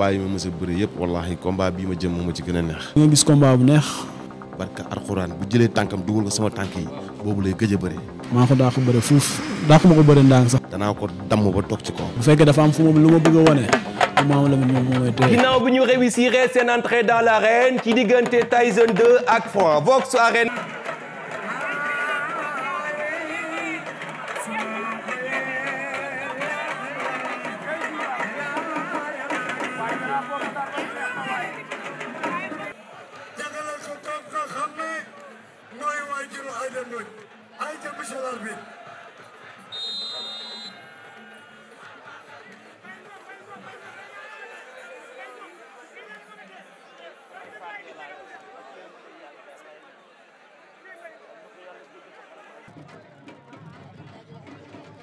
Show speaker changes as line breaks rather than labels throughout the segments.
combat yi ma mës a bëri yëpp wallaahi combat bii ma jëm moo ma ci gën a neex. di nga gis combat bu neex. barka alxuraan bu jëlee tànkam dugal ko sama tànk yi boobu lay gëj a bëri. maa ko daa ko bëri fuuf daa ko ma ko bëri ndànk sax. danaa ko damm ba toog ci kaw. bu fekkee dafa am fu mu lu ma bëgg a wane. ginnaaw bi ñu réussir seen entrée dans l'arène ci diggante Tyson 2 ak Franc Vox Arena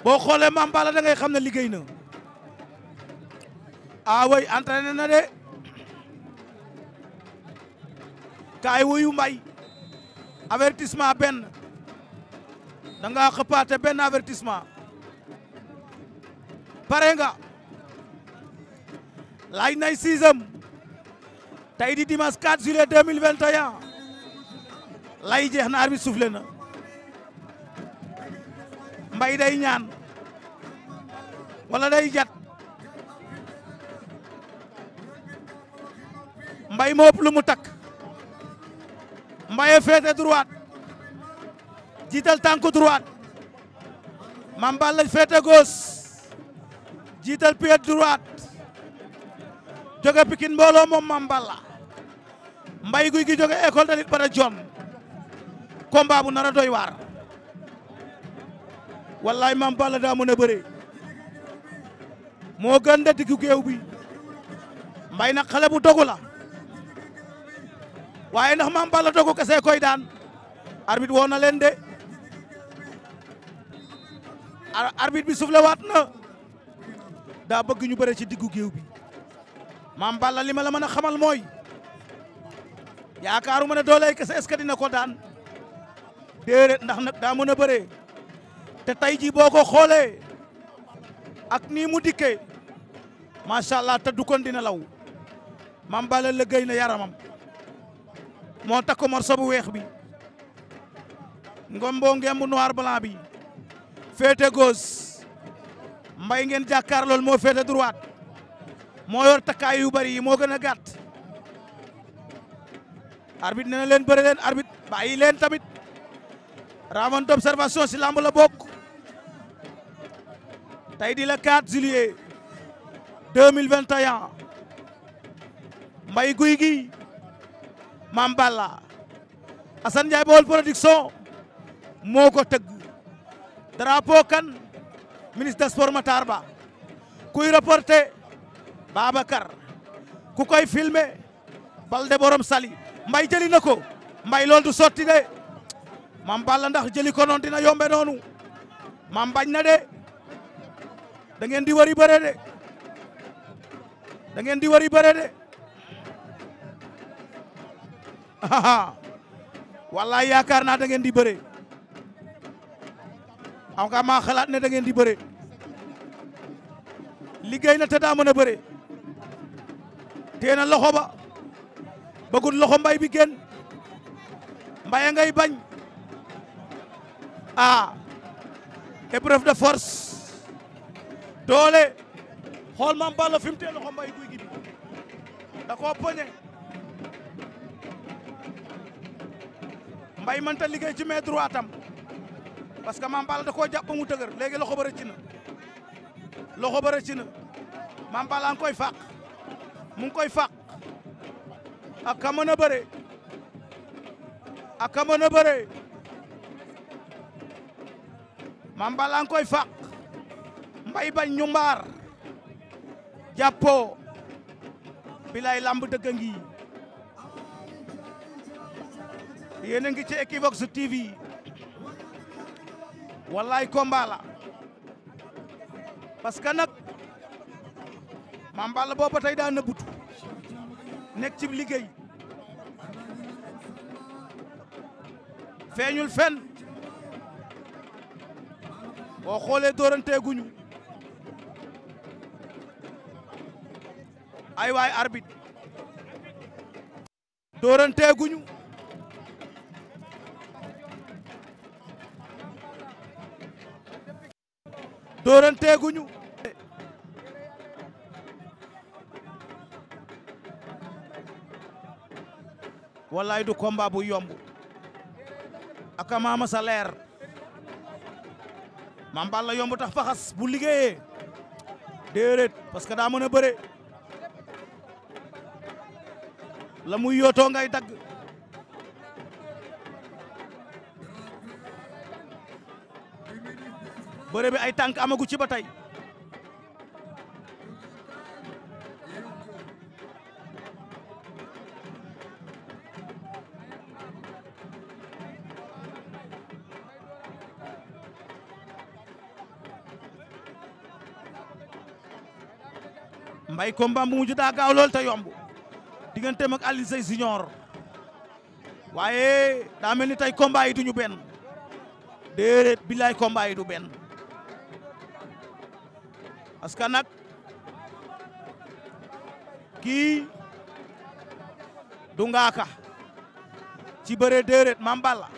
boo xoolee Mame Balla da ngay xam ne liggéey na ah way entraîné na de kaay wuyu mbay avertissement benn da nga benn avertissement pare nga laaj nay sixième tey di dimanche 4 juillet 2021 lay jeex na arbitre soufflé na mbay day ñaan wala day jat mbay moo ëpp lu mu takk mbaye féete droite jiital tànku droite Mame Balla féete jiital pied droite jóge Pikine mbooloo moom Mame Balla mbay guy gi jóge école de lutte ba jon combat bu nar a doy daa mën a moo gën da diggu géew bi mbay na xale bu dogu la waaye ndax maam balla dogu kese koy daan arbitre woo na leen de arbitre bi soufflé waat na daa bëgg ñu bëre ci diggu géew bi maam balla li ma la mën a xamal mooy yaakaaruma ne dooley kese est dina ko daan déedéet ndax nag daa mën a bëree te tey jii boo ko xoolee ak nii mu dikke macha allah te du kon dina law mam bala lëggéey na yaramam moo takk morso bu weex bi ngombo ngemb noir blanc bi féete mbay ngeen jàkkaar lool moo féete droite moo yor takkaay yu bari yi moo gën a gàtt arbitre na leen bëre leen arbitre bàyyi leen tamit round d'observation si lamb la bokk tey di la 4 juillet 2021 Mbaye Gouy Gui Balla Assane Ndiaye production moo ko tëgg drapeau kan ministre des sports Matar Ba kuy reporter Babacar ku koy filmer Balde borom Sali Mbaye jëli na ko mbay loolu du sotti de Mame Balla ndax jëli ko noonu dina yombe noonu Mame bañ na de da di wari bëre de dangeen di wari bëre de wallaay yaakaar naa dangeen di bëre en cas maa xalaat ne dangeen di bëre liggéey na te daa mën a bëre loxo ba bëggul loxo mbay bi génn mbay ngay bañ ah épreuve de force doole xool Mame Balla fi mu tee loxo mbay guy gi bi da koo poñe mbay mënta liggéey ci main droite am parce que Mame da koo jàpp mu dëgër léegi loxo ba rëcc na loxo ba rëcc na Mame Balla nga koy fàq mu ngi koy fàq ak ka mën a bëree ak ka a bëree Mame Balla nga koy fàq mbay bañ ñu mbaar jàppoo bilay lamb dëgg ngi yéen a ngi ci Equivox TV wallaay combat la parce que nag Mame Balla tey daa nëbbutu nekk ci liggéey feeñul fen boo xoolee dóoranteeguñu ay waay arbitre dóoranteeguñu dóoranteeguñu wallaay du combat bu yomb aka maama sa leer maam balla yomb tax faxas bu liggéeyee déedéet parce que daa mën a bëre la muy yootoo ngay dagg bëre bi ay tànk amagu ci ba tey mbay combat bu mujj daa gaaw lool te yomb digganteem ak Alioune Seye waaye daa mel ni tey combat yi duñu benn déedéet billaay combat yi du ben parce que nag kii du ngaaka ci bëre déedéet Mame Balla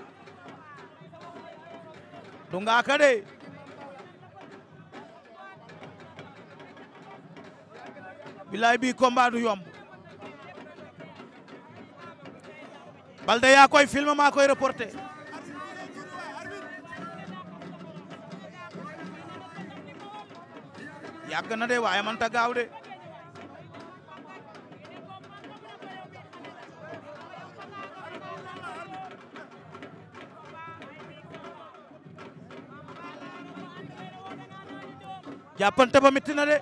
du ngaaka de billaay bii combat du yomb Balde yaa koy film maa koy reporté yàgg na de waaye man gaaw de jàppante ba metti de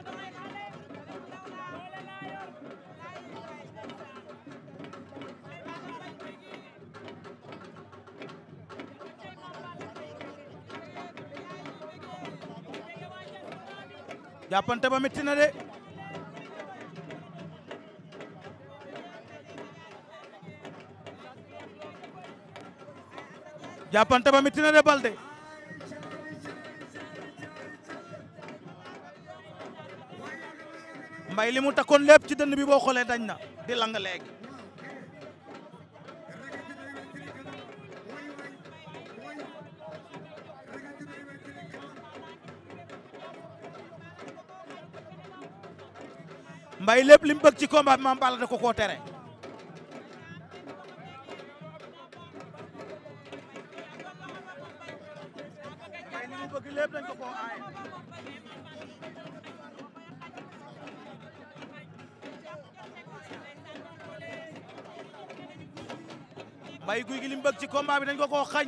jàppante ba métti na de jàppante ba métti na de mbay li mu takkoon lépp ci dënn bi boo xoolee dañ na di lang léegi mbay lépp li ci combat bi Mame Balla da ko koo tere mbay li ko koo aaye ci combat bi dañ ko koo xañ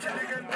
Çelik'in